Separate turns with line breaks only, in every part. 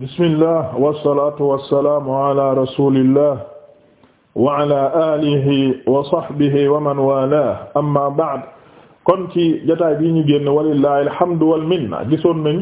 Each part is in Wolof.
bismillah wasalaatu wasalaamu ala rasulillah wa ala alihi wa sahbihi wa man wala amma ba'd kon ci jotaay bii ñu génn walillahi alhamdu wal minna gisoon nañ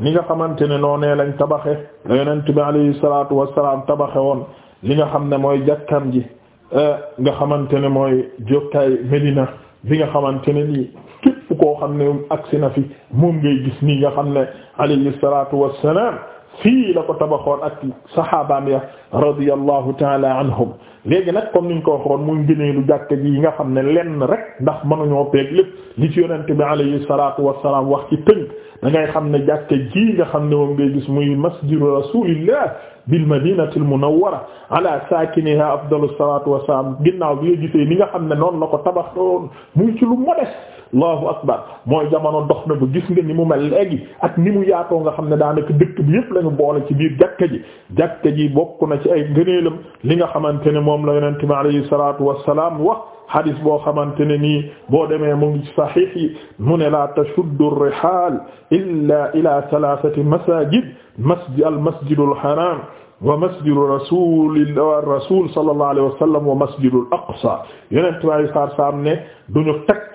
ni nga xamante ne noonee lañ tabaxe la yonent bi alayhi salaatu wasalaam tabaxe woon li nga xam ne mooy jàkkam ji eh, nga xamante ne mooy jokkaay Medina bi nga xamante ne nii képp koo xam ne agsi na fi moom ngay gis nii nga xam ne alayhi salaatu wasalaam fii la ko tabaxoon ak saxaabaam ya radiyallahu taala anhum léegi nag comme niñ ko waxoon muy lu jàkka ji yi nga xam ne lenn rek ndax mënuñoo peeg lépp li ci yonent bi alayhi salaatu wassalaam wax ci tënk da ngay xam ne jàkka ji nga xam ne moom ngay gis muy masjidu rasulillah bil madinati al munawwara ala saakiniha afdalu salaatu wassalaam ginnaaw bi nga gisee ni nga xam ne noonu la ko tabaxoon muy ci lu modeste allahu akbar mooy jamono dox na ba gis nga ni mu mel léegi ak ni mu yaatoo nga xam ne daanaka dëkk bi yëpp la ñu boole ci biir jàkka ji jàkka ji bokk na ci ay ngëneelam li nga xamante ne moom la yonente bi alayhi salaatu wassalaam wax hadis boo xamante ne nii boo demee mu ngi saxiix yi mu ne la tashuddu rihaal illa ila thalathati masajid masjid al masjidul haram wa masjidu rasul wa rasul sallallahu alayhi wa sallam wa masjidul aqsa yeneen tubaab yi saa ne duñu teg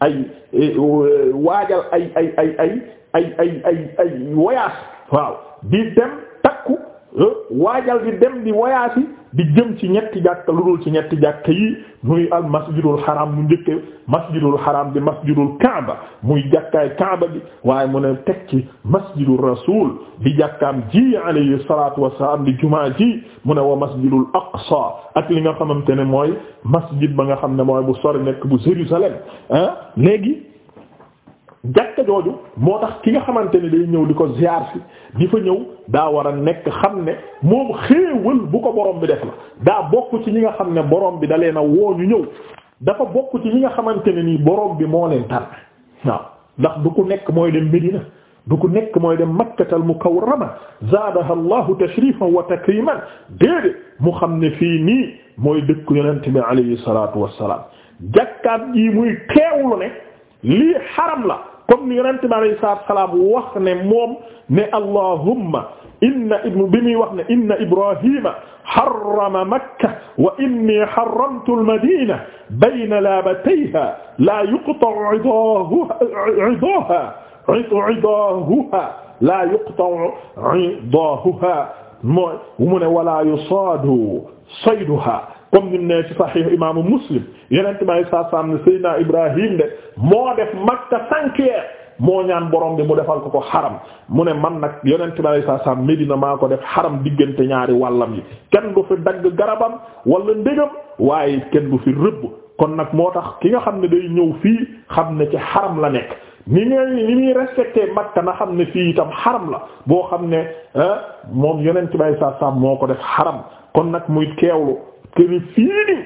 ay e, e, waajal ay ay ay ay ay ay ay ay voyage waaw di dem takku waajal di dem di voyage di jëm ci ñetti jàkka lu dul ci ñetti jàkka yi muy al masjidul xaram mu njëkk masjidul xaram bi masjidul kaaba muy jàkkaay kaaba bi waaye mu ne teg ci masjidul rasul di jàkkaam ji alayhi salatu wasalaam di jumaa ji mu ne wa masjidul aqsa ak li nga xamante ne mooy masjid ba nga xam ne mooy bu sori nekk bu Jérusalem ah léegi jàkka jooju moo tax ki nga xamante ne day ñëw di ko ziar si di fa ñëw daa war a nekk xam ne moom xéewal bu ko borom bi def la daa bokk ci ñi nga xam ne boroom bi da leen a woo ñu ñëw dafa bokk ci ñi nga xamante ne nii borom bi moo leen tànn waaw ndax du ku nekk mooy dem Medina du ku nekk mooy dem makkatal mukarrama zaadaha allahu tashrifan wa takriman déedéet mu xam ne fii nii mooy dëkk yonent bi alayhi salaatu wassalaam jàkkaat yi muy teewlu ne lii xaram la. comme ni yonent bi alayhi salaatu wa salaam wax ne moom ne allahumma inna ibnu bi muy wax ne inna ibrahima harrama makka wa inni harramtu almadina bayna laabatayha laa yuqta'u idaahuha idaaha idaahuha laa yuqta'u idaahuha mooy mu ne wala yusaadu sayduha comme ni mu nee ci sahih imaamu muslim yeneen may saa saam ne Seydina Ibrahim de moo def Makka sanctuaire moo ñaan borom bi mu defal ko ko xaram mu ne man nag yonent bi alayhi salaam Medina maa ko def xaram diggante ñaari wàllam yi kenn du fi dagg garabam wala ndégam waaye kenn du fi rëbb kon nag moo tax ki nga xam ne day ñëw fii xam ne ci xaram la nekk ni ñooy ni muy respecté Makka na xam ne fii itam xaram la boo xam ne ah, moom yonent bay sa sam moo ko def xaram kon nag muy teewlu këri fii ni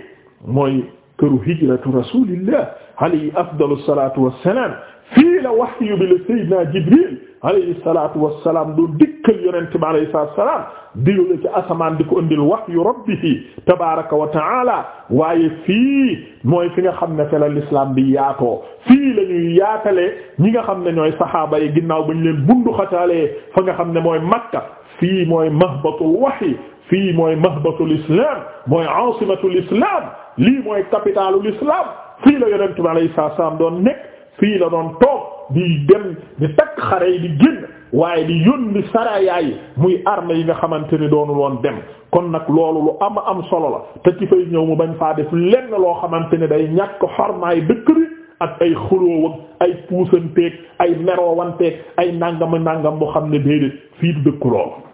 mooy këru hijratu rasulillah alayhi afdalu salatu wassalam fii la wahyu bi la sayyidina Jibril alayhi salaatu salaam doon dikkal yonent bi alayhi salaatu wassalaam diwle ci asamaan di ko indil wahyu rabbihi tabaaraka wa ta'ala waaye fii mooy fi nga xam ne fela l'islam bi yaatoo fii la ñuy yaatalee ñi nga xam ne ñooy saxaaba yi ginnaaw ba ñu leen bundu xataalee fa nga xam ne mooy Makka fii mooy mahbatul wahyi fii mooy mahbatul islam mooy aasimatul islam lii mooy capitalul islam fii la yonent bi alayhi salaatu wassalaam doon nekk fii la doon toog di dem di takk xare di génn waaye di yónni saraya muy arme yi nga xamante ni doonu loon dem kon nag loolu lu am am solo la te ci fay ñëw mu bañ faa def lenn loo xamante ni day ñàkk xormaay dëkk bi ak ay xulóowag ay puusanteeg ay meroowanteeg ay nangam nangam boo xam ne déedéet fii du dëkku loolu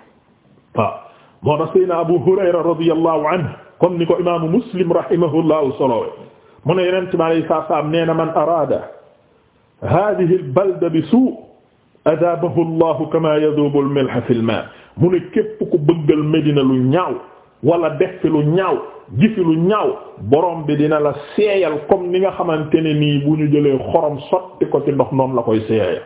waaw moo tax Seydina Abu Hurayra radiyallahu anhu comme ni ko imaamu Muslim rahimahullahu solowe mu ne yeneen ci ma saa saam nee man araada hadihi albalda bi suu adaabahu llahu kama yaduubu almilh fi lma mu ne képp ku bëggal Medina lu ñaaw wala def fi lu ñaaw jifi lu ñaaw borom bi dina la seeyal comme ni nga xamante ne nii bu ñu jëlee xorom sotti ko ci ndox noonu la koy seeyal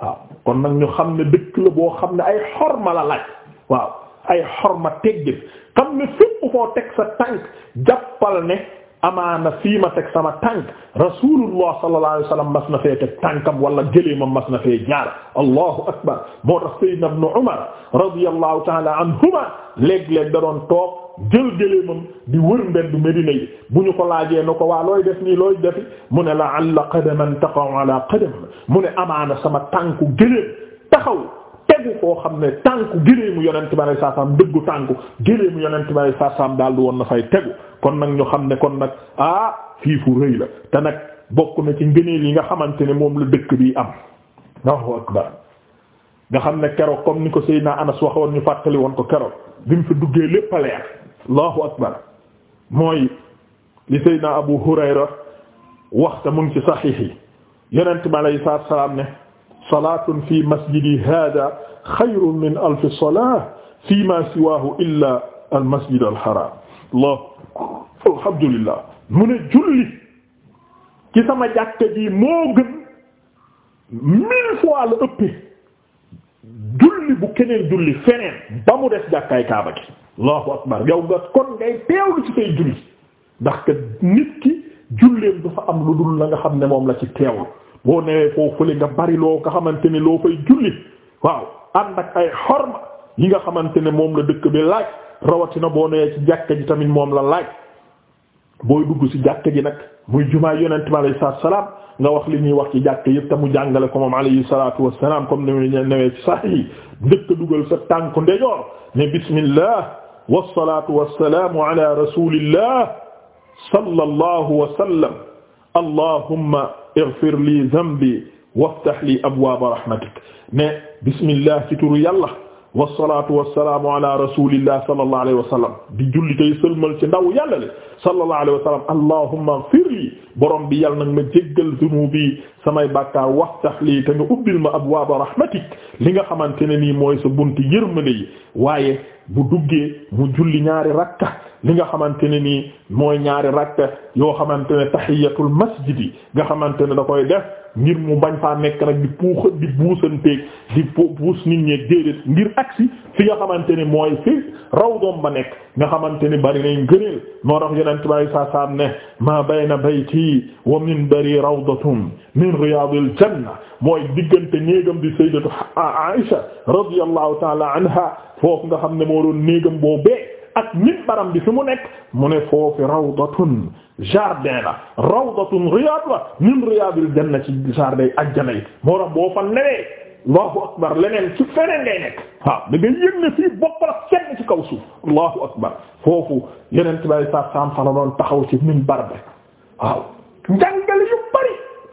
waaw kon nag ñu xam ne dëkk la boo xam ne ay xorma la laaj waaw ay xorma teggin xam ne fépp foo teg sa tànk jàppal ne amaana fii ma teg sama tànk rasulullah sallallahu alayhi wasallam mas na fee teg tànkam wala gëleemam mas na fee jaar allahu akbar moo tax sayyidna ibn umar radiyallahu ta'ala anhuma léeg-léeg da doon toog jël gëleemam di wër mbedd Medina yi bu ñu ko laajee na ko waa looy def nii looy defi mu ne la'alla qadaman taqa'u ala qadam mu ne amaana sama tànku gëleem taxaw tegu koo xam ne tànku géléemu yonent bi alayhi salaam dëggu tànk géléemu yonent bi alayhi salaam daal di woon na fay tegu kon nag ñu xam ne kon nag ah fii fu rëy la te nag bokk na ci ngëneel yi nga xamante ne moom la dëkk bi am Allahu akbar nga xam ne keroog comme ni ko Seydina Anas waxoon ñu fàttali woon ko keroog bi mu fi duggee lépp a leer Allahu akbar mooy li Seydina Abu Hurayra waxta mu ngi ci saxiix yi yonent bi alayhi salaam ne salaatun fi masjidi haadaa xayrun min alfi salaatin fiimaa siwaahu illaa almasjid alxaraam allah alhamdulillah mu ne julli ci sama jàkka ji moo gën mille fois la ëppee julli bu keneen julli feneen ba mu des jàkkaay kaaba gi allahu akbar yow nga kon ngay teewlu ci say julli ndax que nit ki julleem du fa am lu dul la nga xam ne moom la ci teewlu boo newee foo fële nga bari loo nga xamante ne loo fay julli waaw ànd ak ay xorma yi nga xamante ne moom la dëkk bi laaj rawatina boo newee ci jàkka ji tamit moom la laaj booy dugg ci jàkka ji nag muy jumaa yonent bi alayhi salaatu salaam nga wax li ñuy wax ci jàkka yëpp te mu jàngale ko moom alayhi salaatu wa salaam comme ni mu newee ci sax yi dëkk dugal sa tànku ndejoor ne bismillah wassalaatu wassalaamu ala rasulillah sallallahu wa sallam allahumma ighfir li dhanbi waftah li abwaaba rahmatik ne bismillah ci turu yàlla wasalaatu wasalaamu ala rasulillah sallallahu alayhi wa sallam di julli tey sëlmal ci ndaw yàlla le sallallahu alayhi wa sallam allahumma ighfir li borom bi yàlla nag ma jéggal dunuubi samay bàkkaar waftax lii te nga ubbil ma abwaaba rahmatik li nga xamante ne nii mooy sa buntu yërmande yi waaye bu duggee mu julli ñaari rakka li nga xamante ne nii mooy ñaari rakka yoo xamante ne tahiyatul masjid yi nga xamante ne da koy def ngir mu bañ faa nekk rek di puuxa di buusanteeg di puus nit ñeeg déedéet ngir agsi fi nga xamante ne mooy fi raw doom ba nekk nga xamante ni bari nañ gëneel moo tax yeneen tubaab yi saa saa bay maa bayna bayti wa minbari rawdatun min riyaadil janna mooy diggante néegam di te Aisha radiyallahu ta'ala anha foofu nga xam ne moo doon néegam boo bee ak minbaram bi fi mu nekk mu ne foofu rawdatun jardin la rawdatun riyaad la min riyaadil janna ci jardin yi ajjana yi moo tax boo fa newee allahu akbar leneen ci feneen ngay nekk waaw da ngay yëg ne fii bokk la fenn ci kaw suuf allahu akbar foofu yeneen tubaab yi sax saam taxaw ci minbar bi waaw njàngale yu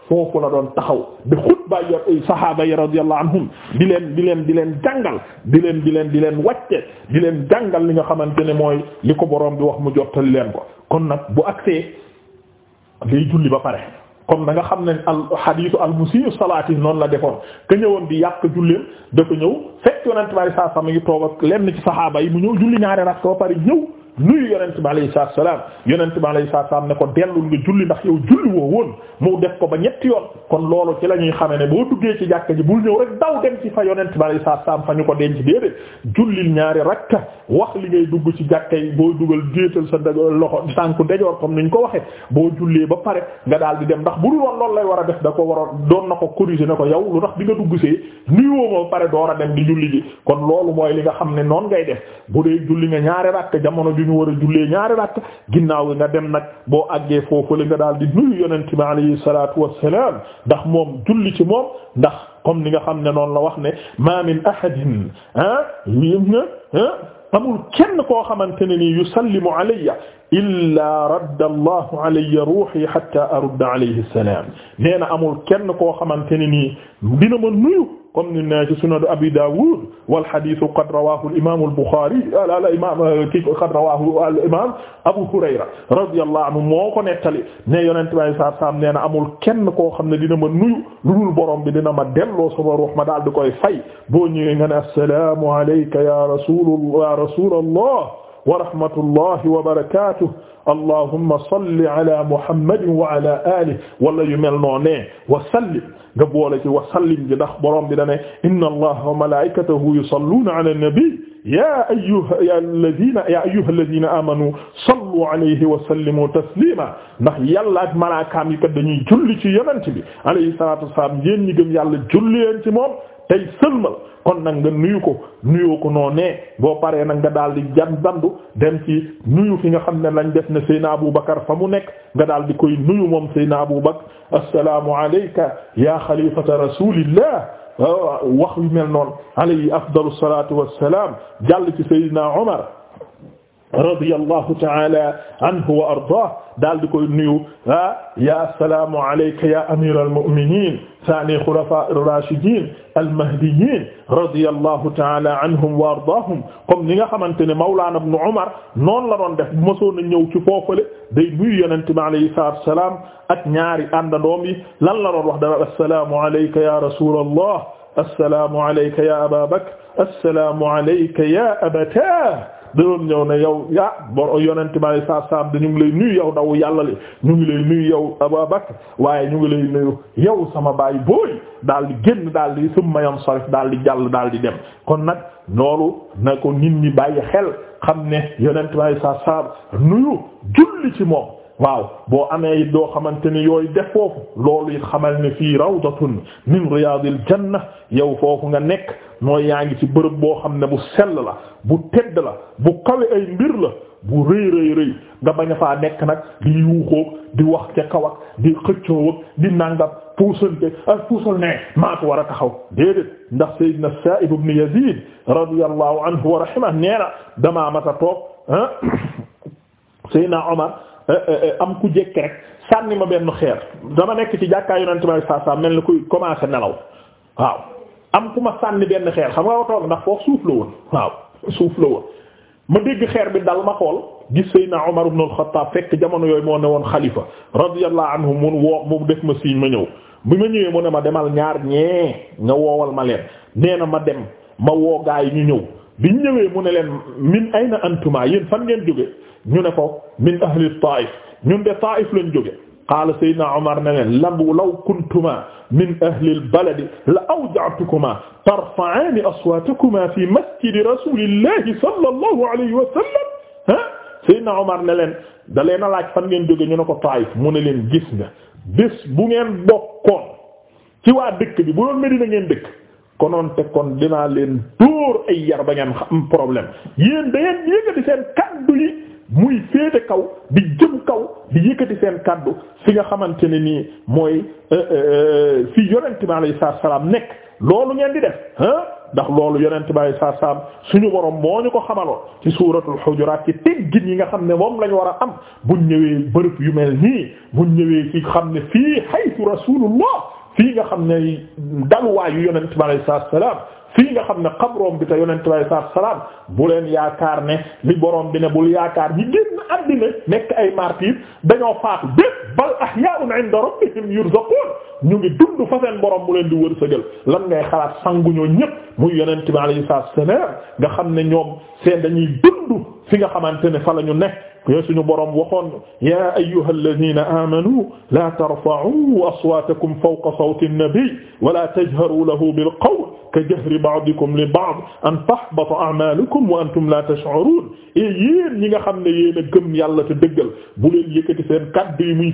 foofu la doon taxaw di xutba yor ay sahaaba yi radiyallahu anhum di leen di leen di leen jàngal di leen di leen di leen wàcce di leen jàngal li nga xamante ne mooy li ko boroom bi wax mu jottali leen ko kon nag bu agsee day julli ba pare comme na nga xam ne al xadiisu al musii'u salaati noonu la defoon ka ñëwoon di yàq julleen dafa ñëw fekk yonent bi sallallahu alayhi wasallam ngi toog ak lenn ci sahaaba yi mu ñëw julli ñaari rakk ba pare ñëw nuyu yonent bi alayhi salaatu salaam yonent bi alayhi salaam ne ko dellul nga julli ndax yow julli woo woon mu def ko ba ñetti yoon kon loolu ci la xam xamee ne boo duggee ci jàkka ji bul ñëw rek daw ko denc déedéet jullil ñaari wax li ngay dugg ci jàkka yi boo dugal géetal sa loxo tànku ndejoor comme ni ñu ko waxee boo jullee ba pare nga daal di dem ndax bu dul woon loolu lay war a def da ko waroon doon na ko corriger ne ko yow lu tax bi nga dugg see nuyoo ma ba a dem di kon loolu mooy li nga xam ne noonu ngay def bu dee julli nga ñaari rakka jamono ju ñu war a jullee ñaari rakk ginnaaw nga dem nag boo àggee foofule nga daal di nuyu yonent bi alayhi salaatu wassalaam ndax moom julli ci moom ndax comme ni nga xam ne noonu la wax ne ma min ahadin ah, ah amul kenn koo xamante ne nii yusallimu alayya illaa radda allahu alayya ruuhi hatta arudda alayhi salaam nee na amul kenn koo xamante ne nii dina ma nuyu comme ni ne ci sunan abi daawud wal hadiis qad rawaahu al imaam al buxaari al imaam euh, kii qad rawaahu al imaam abu hurayra radiyallahu anhu moo ko nettali ne yonent bi alayhi salaatu salaam nee na amul kenn koo xam ne dina ma nuyu lu dul borom bi dina ma delloo sama ruux ma daal di koy fay boo ñëwee nga ne assalaamu alayka ya rasuulullah ya rasuulallah wa rahmatullahi wa barakatuh allahumma salli ala muhammadin wa ala alihi wala yu mel noo ne wa sallim nga boole ci wa sallim ji ndax borom bi dane inna allaha wa malaikatahu yusalluna ala nabi ya ayyuha alladhina ya ayyuha alladhina amanu sallu alayhi wa sallimu taslima ndax yàlla ak malaakaam yi kat dañuy julli ci yonent bi alayhi salatu wassalam yéen ñi gëm yàlla julli leen ci moom tey sëlmal kon nag nga nuyu ko nuyoo ko noo nee boo paree nag nga daal di jan dandu dem ci nuyu fi nga xam ne lañ def ne Seyna Abu Bakar fa mu nekk nga daal di koy nuyu moom Seyna Abu Bakar assalaamu alayka ya xalifata rasulillah ah, wax yu mel noonu alayhi afdalu salatu wassalam jàll ci Seyna Umar radiyallahu ta'ala anhu wa ardaah daal di koy nuyu ah ya salaamu alayka ya amira almu'minin saani khulafa ar-rashidin almahdiyyin radiyallahu ta'ala anhum wa ardaahum comme ni nga xamante ne Mawlana Ibn Umar noonu la doon def bu mosoon a ñëw ci foofale day nuyu yonente bi alayhi salaatu wa salaam ak ñaari àndandoom yi lan la doon wax dara assalaamu alayka ya rasulallah assalaamu alayka ya Aba Bakr assalaamu alayka ya abatah da ñëw ne yow ya bor yonent bi saa saam de ñu ngi lay nuyu yow daw yàlla li ñu ngi lay nuyu yow Abu Bakr waaye ñu ngi lay nuyu yow sama baay booy daal di génn daal di summa yam sarif daal di jàll daal di dem kon nag loolu na ko nit ñi bàyyi xel xam ne yonent bi saa saab nuyu julli ci moom. waaw boo amee it doo xamante ni yooyu def foofu loolu it xamal ne fii rawdatun min riyaadil janna yow foofu nga nekk mooy yaa ngi ci bërëb boo xam ne bu sell la bu tedd la bu kawe ay mbir la bu rëy rëy nga bañ faa nekk nag di yuuxóog di wax ca ak di xëccoo di nangam puusante ak ah, puusal ne maa ko war a taxaw déedéet ndax sayyidna Sa'ib ibn Yazid radiyallahu anhu wa rahimah nee na damaa masa toog ah Seydina Omar Euh, euh, euh, am ku jekk rek sànni ma benn xeer dama nekk ci jàkkaay yonent bi saa saa mel ni kuy commencer nelaw waaw am ku ma sànni benn xeer xam nga toog ndax foofu suuf la woon waaw suuf la woon ma dégg xeer bi dal ma xool gis Seydina Umar ibn al-Khattab fekk jamono yooyu moo ne woon xalifa radiyallahu anhu mun woo mu def ma siiñ ma ñëw bi ma ñëwee mu ne ma demal ñaar ñee nga woowal ma leen nee ma dem ma woo gaa yi ñu ñëw biñ ñëwee mu ne leen min ayna antuma yéen fan ngeen jóge ñu ne ko min ahli taif ñun de taif lañ jóge qaala sayyidina Umar ne leen labu law kuntuma min ahli albaladi la awja'tukuma tarfa'ani aswaatakuma fi masjidi rasulillahi sallallahu alayhi wa sallam ah sayyidina Umar ne leen da leen a laaj fan ngeen jóge ñu ne ko taif mu ne leen gis nga bu ngeen bokkoon ci waa dëkk bi bu doon Medina ngeen dëkk konoon te kon dina leen dóor ay yarba ba ngeen am problème yéen da ngeen yëkkati seen kaddu muy féete kaw di jëm kaw di yëkkati seen kàddu fi nga xamante ne nii mooy euh, euh, euh, fi yonent bi alayhi salaam nekk loolu ngeen di def ah ndax loolu yonent bi alayhi salaam suñu borom moo ñu ko xamaloon ci suuratul xujuraat ci teggin yi nga xam ne moom la ñu war a am buñ ñëwee bërëb yu mel nii buñ ñëwee ci xam ne fii haytu rasulullah fii nga xam ne daluwaayu yonent bi alayhi salaam fii nga xam ne xabroom bi te yonent bi alayhi salaatu salaam bu leen yaakaar ne li borom bi ne bul yaakaar ñi génn àddina nekk ay martyr dañoo faatu bés bal ahyaa'un 'inda rabbihim yurzaqun ñu ngi dund fa seen borom mu leen di wërsëgal lan ngay xalaat sanguñoo yen muy yonent bi alayhi salaam nga xam ne ñoom seen dañuy dund fi nga xamante ne fa la ñu ne yooyu suñu borom waxoon ya ayyuha alladhina amanu la tarfa'u aswatakum fawqa sawti an-nabi wa la tajharu lahu bil qawl ka jahri ba'dikum li ba'd an tahbata a'malukum e yéen ñi nga xam ne yéen a gëm yàlla te dëggal bu leen yëkkati seen kaddu yi muy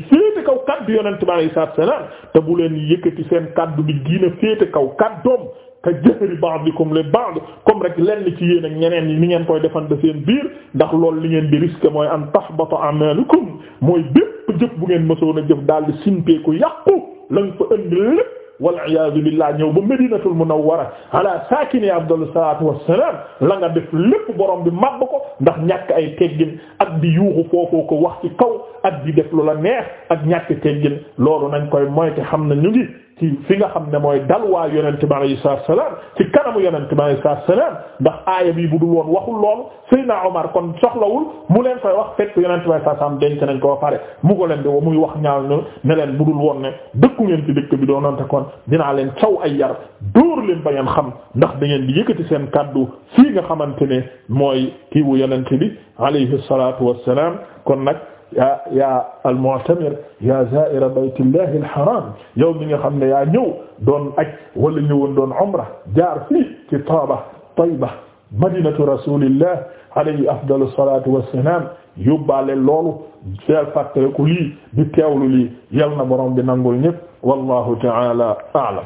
kaw kaddu yonent bi alayhi salaatu salaam te bu leen yëkkati seen kaddu bi gën a féete kaw kaddoom ka jëhri ba'dikum li ba'd comme rek lenn ci yéen ak ñeneen yi ni ngeen koy defante seen biir ndax loolu li ngeen di risque mooy an tahbata a'malukum mooy bépp jëf bu ngeen mësoon a jëf daal di simpeeku yàqu lañ fa indi lépp wal iyaazu billah ñëw ba madinatul munawwara ala saakini afdalu salaatu wassalaam la nga def lépp borom bi màbb ko ndax ñàkk ay teggin ak di yuuxu foofoo ko wax ci kaw ak di def lu la neex ak ñàkk teggin loolu nañ koy moy te xam na ñu ngi ci fi nga xam ne mooy dalwaa yonente bi alayhi salaatu wa salaam ci kanamu yonente bi alayhi salaatu wa salaam ndax aaya bi bu dul woon waxul loolu Seydina Omar kon soxlawul mu leen koy wax fekk yonente bi alayhi salaatu wa salaam denc nañ ko ba pare mu ko leen di muy wax ñaal ne ne leen bu dul woon ne dëkku ngeen ci dëkk bi doonante kon dinaa leen caw ay yar dóor leen ba ngeen xam ndax da ngeen di yëkkati seen kàddu fii nga xamante ne mooy kiiwu bu bi alayhi salaatu wa salaam kon nag ya ya al-mu'tamir ya za'ira baytillahi al-haram yow mi nga xam ne yaa ñëw doon aj wala ñëwoon doon umra jaar fii ci Taaba Tayba madinatu rasulillah alayhi afdalu salatu wassalam yóbbaale loolu del fàttaliku lii di teewlu lii yal na borom bi nangul ñëpp wallahu ta'ala a'lam